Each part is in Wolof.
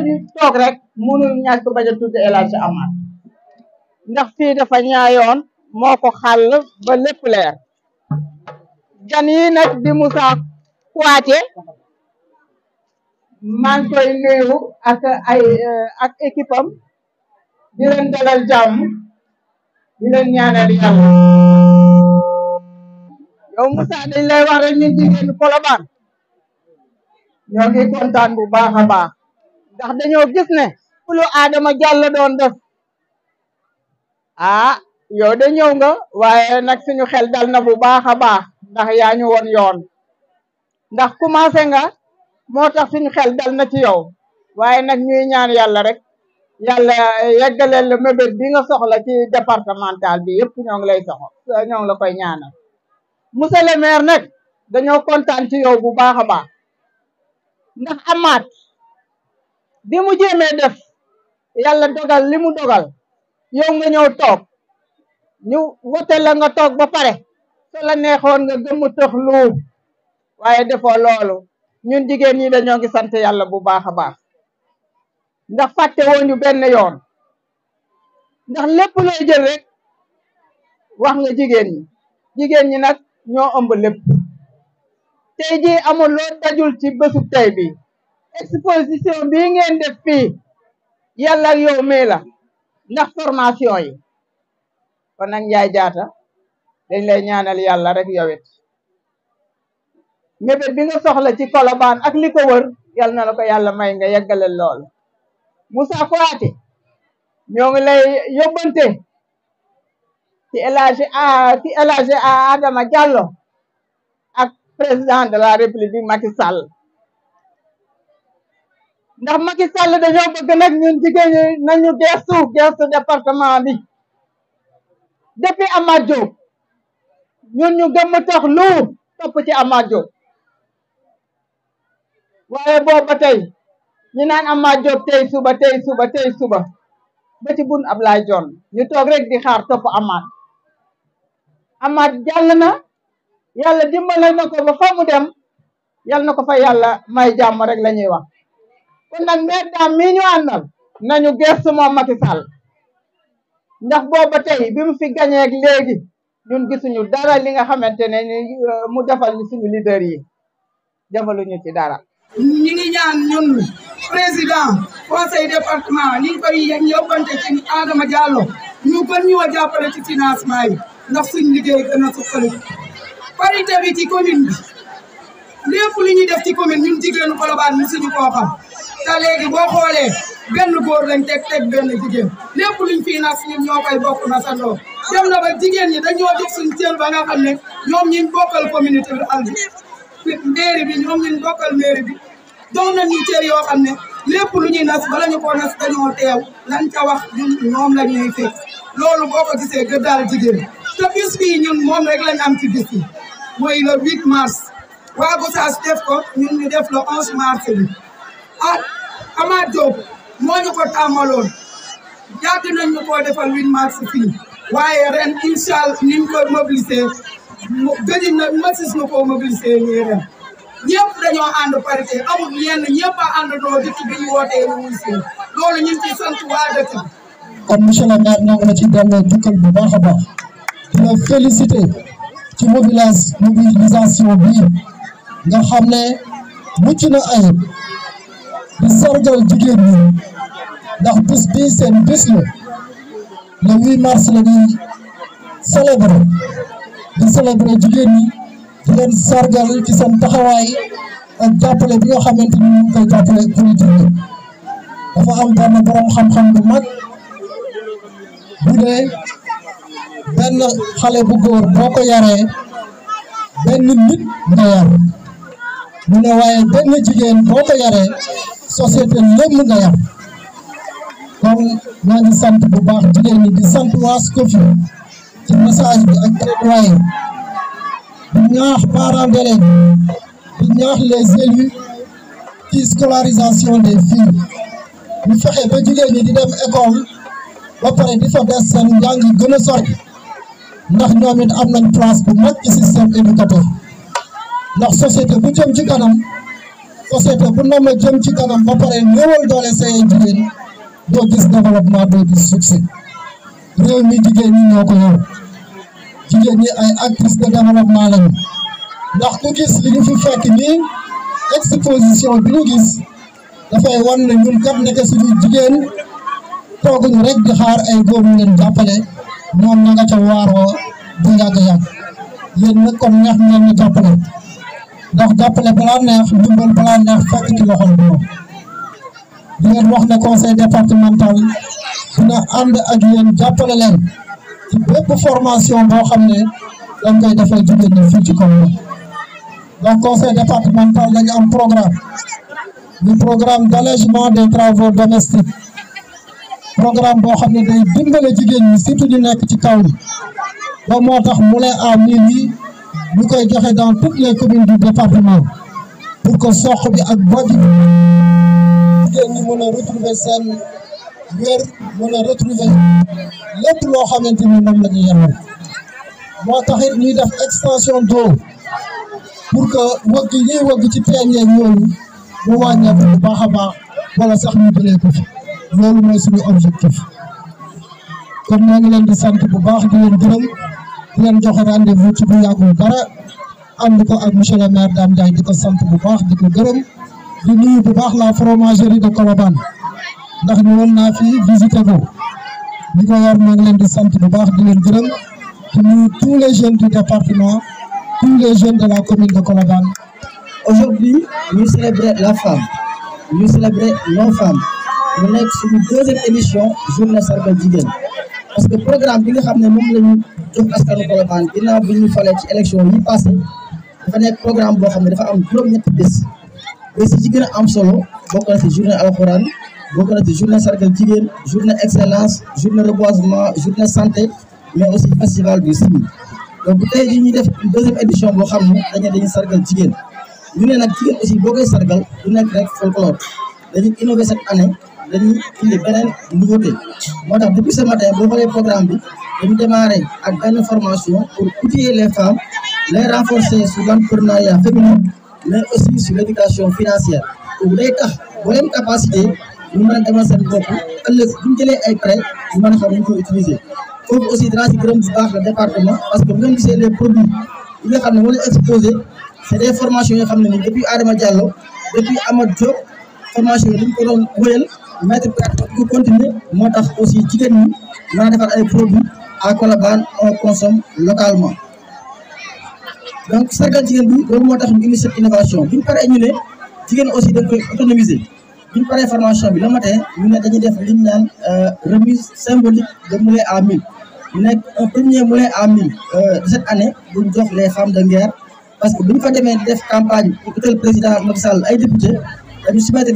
ku toog rek a tudd El Hadji Amar ndax fii dafa ñaayoon moo ko xàll ba lépp leer gan yi nag di Moussa Kouaté maa koy nuyu ak ay eh, di leen dalal jàmm di leen ñaanal yàlla yow Moussa dañ lay wax rek ñu jigéenu Colobane ñoo ngi kontaan bu baax a baax ndax dañoo gis ne fu lu Adama Diallo doon def ah yow de ñëw nga waaye nag suñu xel dal na bu baax a baax ndax yaa ñu woon yoon ndax commencé nga moo tax suñu xel dal na ci yow waaye nag ñuy ñaan yàlla rek yàlla yeggaleel la mébét bi nga soxla ci départemental bi yëpp ñoo ngi lay soxla ñoo ngi la koy ñaanal monsieur le maire nag dañoo kontaan ci yow bu baax a baax ndax amaat bi mu jéemee def yàlla dogal li mu dogal yow nga ñëw toog ñu wote nga toog ba pare so neexoon nga gëmmu tëx luu waaye defoo loolu ñun jigéen ñi dañoo ngi sant yàlla bu baax a baax ndax fàtte woon ñu benn yoon ndax lépp la jël rek wax nga jigéen ñi jigéen ñi nag ñoo ëmb lépp tey jii amul loo dajul ci bésu tey bi exposition bii ngeen def fii yàlla ak la ndax formation yi kon nag Njaay Jaata dañ lay ñaanal yàlla rek yowit mébét bi nga soxla ci Colobane ak li ko wër yal na la ko yàlla may nga yeggale lool Moussa Kouyaté ñoo ngi lay yóbbante ci élage a ci élage a Adama Diallo ak président de la République Macky Sall ndax Macky Sall dañoo bëgg nag ñun jigéen ñi nañu gestu gestu département bi depuis Amath Diop ñun ñu gëmm toog lu topp ci Amath Diop waaye booba tey ñu naan Amath Diop tey suba tey suba tey suba ba ci bun Ablaye John ñu toog rek di xaar topp Amath Amath jàll na yàlla dimbale na ko ba fa mu dem yàlla na ko fa yàlla may jàmm rek la ñuy wax kon nag maire Dame ñu àndal nañu gëstu moom Macky Sall ndax booba tey bi mu fi gañeek léegi ñun gisuñu dara li nga xamante ne euh, mu defal ñu suñu leader yi defaluñu ci dara. ñu ngi ñaan ñun président conseil département ni ñu koy yóbbante ci Adama Diallo ñu gën ñu a jàppale ci financement ndax suñu liggéey gën a suqali parité bi ci commune bi lépp lu ñuy def ci commune ñun jigéenu Colobane ñu suñu koo xam. te léegi boo xoolee benn góor lañ teg teg benn jigéen lépp luñ fii nas ñun ñoo koy bokk nasandoo dem na ba jigéen ñi dañoo def suñ cër ba nga xam ne ñoom ñu bokkal communauté rural bi mairie bi ñoom ñu bokkal mairie bi doon nañu cër yoo xam ne lépp lu ñuy nas bala ñu ko nas dañoo teew lan ca wax ñun ñoom la ñuy fekk loolu boo ko gisee daal jigéen te bis bii ñun moom rek lañ am ci bis yi mooy le 8 mars waa Gossas def ko ñun ñu def le 11 bi ah Amath Diop moo ñu ko tàmmaloon yàgg nañ ñu koo defal 8 mars fii waaye ren incha ni ñu koy mobiliser gëj na masis na koo dañoo ànd parité amul yenn ñëpp a àndandoo dëkk bi ñu wootee ñu wuy seen loolu sant waa dëkk bi. kon monsieur le maire na ci delloo dukkal bu baax baax di félicité ci mobilisation bii nga xam ne mucc na ayib. di sargal jigéen ñi ndax bis bii seen bis la le 8 mars la ñuy célébrer di célébrer jigéen ñi di sargal ci seen taxawaay ak jàppale bi nga xamante ni ñu ngi koy jàppale dafa am benn borom xam-xam bu mag bu benn xale bu góor boo ko yaree benn nit nga yar mu ne waaye benn jigéen boo ko yaree société lépp nga yàq kon maa ngi sant bu baax jigéen di sant waa Skopje ci message bi ak plaidoyer di ñaax parents d'élèves di ci scolarisation des filles ñu fexe ba jigéen di dem école ba pare di fa des seen njàng gën a sori ndax ñoom it am nañ place bu mag ci système éducatif ndax société bu jëm ci kanam. société bu nam jëm ci kanam ba pare néewal doole say jigéen doo gis développement doo gis succès mi jigéen ñi ñoo ko jigéen ñi ay actrice de développement lañu ndax ku gis li ñu fi fekk nii exposition bi ñu gis dafay wan ne ñun kat nekk suñu jigéen tooguñu rek di xaar ay góor ñu jàppale ñoom na nga waaroo bu yàgg-yàgg yéen nag kon neex ngeen ñu jàppale ndax jàppale balaa neex ndimbal balaa neex fekk ci loxol borom di leen wax ne conseil départemental dina ànd ak yéen jàppale leen ci bépp formation boo xam ne dañ koy defal jigéen ñi fii ci kaw donc conseil départemental dañu am programme le programme d'allègement des travaux domestiques programme boo xam ne day dimbale jigéen ñi surtout ñu nekk ci kaw yi ba moo tax moulin à mil ñu koy joxe dans toutes les communes département pour ko soq bi ak boj bi jigéen ñi a retrouver seen wér mën a retrouver lépp loo xamante ni moom la ñu yemoon moo taxit ñuy def extension d'eau pour que wëgg ñuy wëgg ci teen yooyu mu wàññeeku bu baax a baax wala sax ñu jëlee ko fi loolu mooy suñu objectif kon ñoo ngi leen di sant bu baax di leen gërëm di leen joxe rendez-vous ci bu yàggul dara ko ak monsieur le maire Dame Ndiaye di sant bu baax di ko gërëm di nuyu bu baax la fromagerie de Colobane ndax ñëwoon naa fi visiter ko di ko ngi leen di sant bu baax di leen gërëm di nuyu tous les jeunes du département tous les jeunes de la commune de Colobane. aujourd'hui ñu célébrer la femme ñu célébrer nos femmes mu nekk suñu deuxième émission journée sargal jigéen. parce que programme bi nga xam ne moom la ñu jox askanu Colobane ginnaaw bi ñu falee ci élection yi passé dafa nekk programme boo xam ne dafa am juróom-ñetti bés bés yi ci gën a am solo boo na ci journée alxuraan boo na ci journée sargal jigéen journée excellence journée reboisement journée santé mais aussi festival du simi donc tey jii ñuy def une deuxième boo xam ne dañu dañuy sargal jigéen ñu ne nag jigéen aussi boo koy sargal du nekk rek folklore dañuy innover cette année dañuy indi beneen nouveauté moo tax depuis ce matin boo xoolee programme bi dañu démarré ak benn formation pour outiller les femmes les renforcer sur l'entrepreneuriat féminin mais aussi sur l'éducation financière pour day tax boo leen capacité ñu mën a demal seen bopp ëllëg bu ñu jëlee ay prêt ñu mën a xam ñu ko utiliser foofu aussi dinaa si gërëm bu baax le département parce que bu ngeen gisee les produits yi nga xam ne moom exposé c'est des formations yoo xam ne ni depuis Adama Diallo depuis Amath formation yi maître Gade ko continuer moo tax aussi jigéen ñi mën defar ay produits à Colobane on consomme localement donc sargal jigéen bi loolu moo tax ñu indi cette innovation bi ñu paree ñu jigéen aussi dañ koy autonomiser bi ñu formation bi le matin ñu ne dañuy def li ñu naan euh, remise symbolique de moulin à mille mu nekk un premier moulin à mille euh, de cette année bu jox les femmes de Nguer parce que bu ñu fa demee def campagne pour utal président Macky Sall ay député dañu soumettre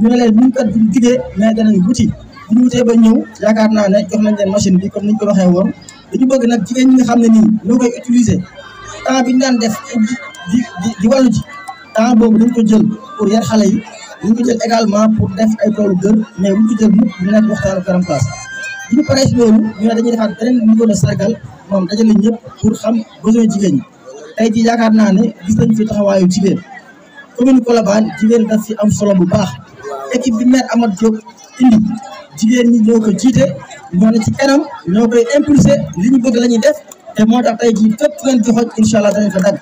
ñu ne leen buñ ko gisee mais danañ wuti buñ wutee ba ñëw yaakaar naa ne jox nañ leen machine bi comme niñ ko waxee woon dañu bëgg nag jigéen ñi nga xam ne ni no koy utiliser temps bi ñu daan def di di di wàllu ji temps boobu dañ ko jël pour yar xale yi dañ ko jël également pour def ay toolu gër mais buñ jël mukk ñu nekk waxtaanu Karam Place bi ñu paree si loolu ñu ne dañuy defaat beneen ñëpp pour xam besoin jigéen ñi tey jii yaakaar naa ne gis nañ fi taxawaayu jigéen commune Colobane jigéen daf fi am solo bu baax équipe bi maire amat Diop indi jigéen ñi ñoo ko jiite ñoo ne ci kanam ñoo koy impulsé li ñu bëgg la ñuy def te moo tax tey jii fépp leen joxoon incha allah danañ fa dagg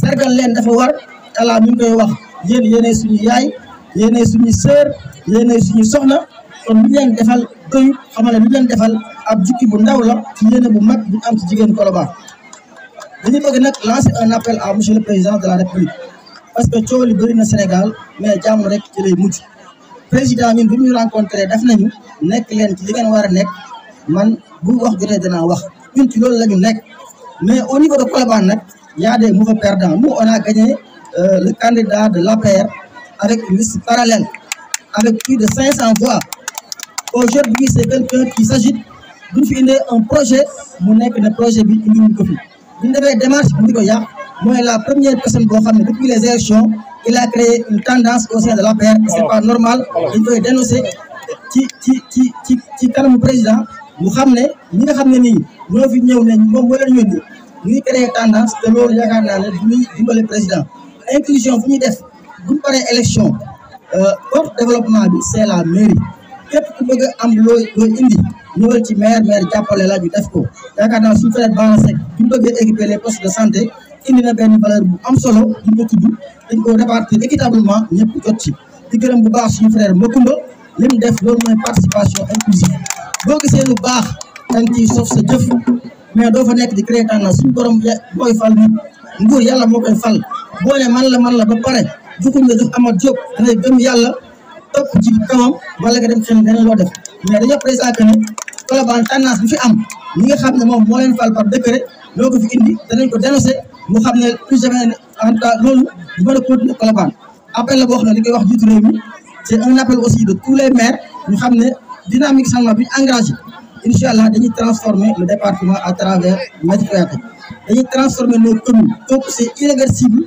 sargal leen dafa war talaa mi ngi koy wax yéen yéenay suñu yaay yéenay suñu sœur yéenay suñu soxna kon lu leen defal doyut xamal ne lu leen defal ab jukki bu ndaw la ci yéene mag bu am ci jigéen Colobane dañu bëgg nag lancer un appel à monsieur le président de la république parce que coow li bëri na Sénégal mais jàmm rek ci lay mujj président ñun bu ñu rencontré def nañu nekk leen ci li ngeen war a nekk man bu wax jotee danaa wax ñun ci loolu la ñu nekk mais au niveau de Colobane nag y a des mauvais perdants nous on a gagné euh, le candidat de l'APR avec une liste avec plus de 500 voix aujourd'hui c'est quelqu'un qui s'agit duñ fi indee un projet mu nekk ne projet bi indiwuñ ko fi buñ defee démarche mu di mooy la première personne boo xam ne depuis les élections il a créé une tendance au sein de l'APR c'est pas normal dañ koy dénoncer ci ci ci ci ci kanamu président mu xam ne ñi nga xam ne nii ñoo fi ñëw ne moom moo leen yóbbu ñu ngi créé tendance te loolu yaakaar naa ne duñuy dimbale président inclusion fu ñuy def buñ paree élection euh, porte développement bi c'est la mairie képp ku am looy looy indi ñëwal ci maire maire jàppale la ñu def ko yaakaar naa suñu feneen balancé buñ bëggee équiper indi na benn valeur bu am solo bu ñu ko tudd dañ ko répartir équitablement ñëpp jot ci di gërëm bu baax suñu frère Makumba li mu def loolu mooy participation inclusive boo gisee lu baax dañ ciy sof sa jëf mais doo fa nekk di créer tendance suñu borom mooy fal nit nguur yàlla moo koy boo man la man la ba pare jukuñ la jox amat jóg dangay gëm yàlla topp ci kawam wala nga dem xel dana loo def mais dañoo présenté ne Colobane tendance bi fi am ñi nga xam ne moom moo leen fal par décret loo ko fi indi danañ ko dénoncé mu xam ne plus jamais en tout cas loolu ñu mën a continuer Colobane appel la boo xam ne li koy wax jiitu mi c' un appel aussi de tous les maires ñu xam ne dynamique changement bi ñu engagé incha allah dañuy transformer le département à travers Maître Kouyaté dañuy transformer nos communes donc c' est irréversible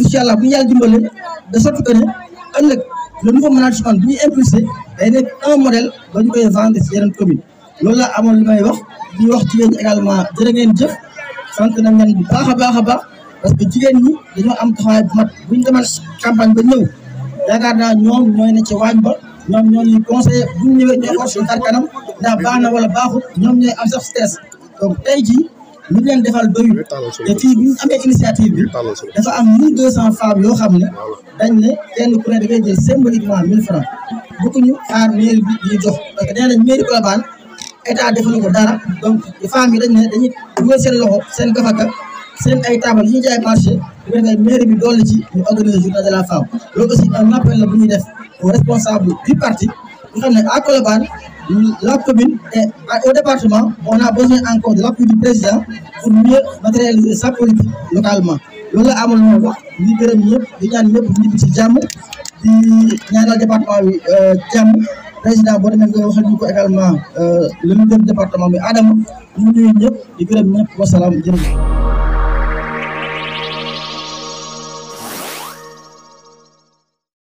incha allah bu ñu yàlla dimbale de sorte que ne ëllëg le nouveau management bi ñuy impulsé day nekk un modèle ba ñu koy vendre si yeneen commune loolu laa amoon li may wax wax ci yéen également jërë ngeen sant nañ leen bu baax a baax a baax parce que jigéen ñi am taxawaay bu mat buñ demal campagne ba ñëw yaakaar naa ñoom ñooy ne ci waañ ba ñoom ñoo ñuy conseillé buñ ñëwee ñooy xool suñu tar kanam na wala baaxut ñoom ñooy am sax stress donc tey jii ñu leen defal doyul te fii bu ñu amee initiative bi dafa am mille deux cent femmes yoo xam ne dañ ne kenn ku ne da ngay jël symboliquement mille francs bëgguñu xaar mairie bi ñuy parce que nee nañ mairie Colobane état defalu ko dara i femmes yi dañ ne dañuy dugal seen loxo seen gafaka seen ay taabal yi jaay marché bu ko defee ci ñu de la femme loolu aussi un appel la bu ñuy def aux responsables du parti ñu xam ne à Colobane la commune et au département on a besoin encore de l'appui du président pour mieux matérialiser sa politique localement loolu la amal moo wax ñu gërëm ñëpp di ñaan ñëpp ñu ci jàmm di ñaanal département bi euh, jàmm président boo demee nga waxal ñu ko également euh, le ministre département bi Adama ñu ngi nuyu ñëpp di gërëm ñëpp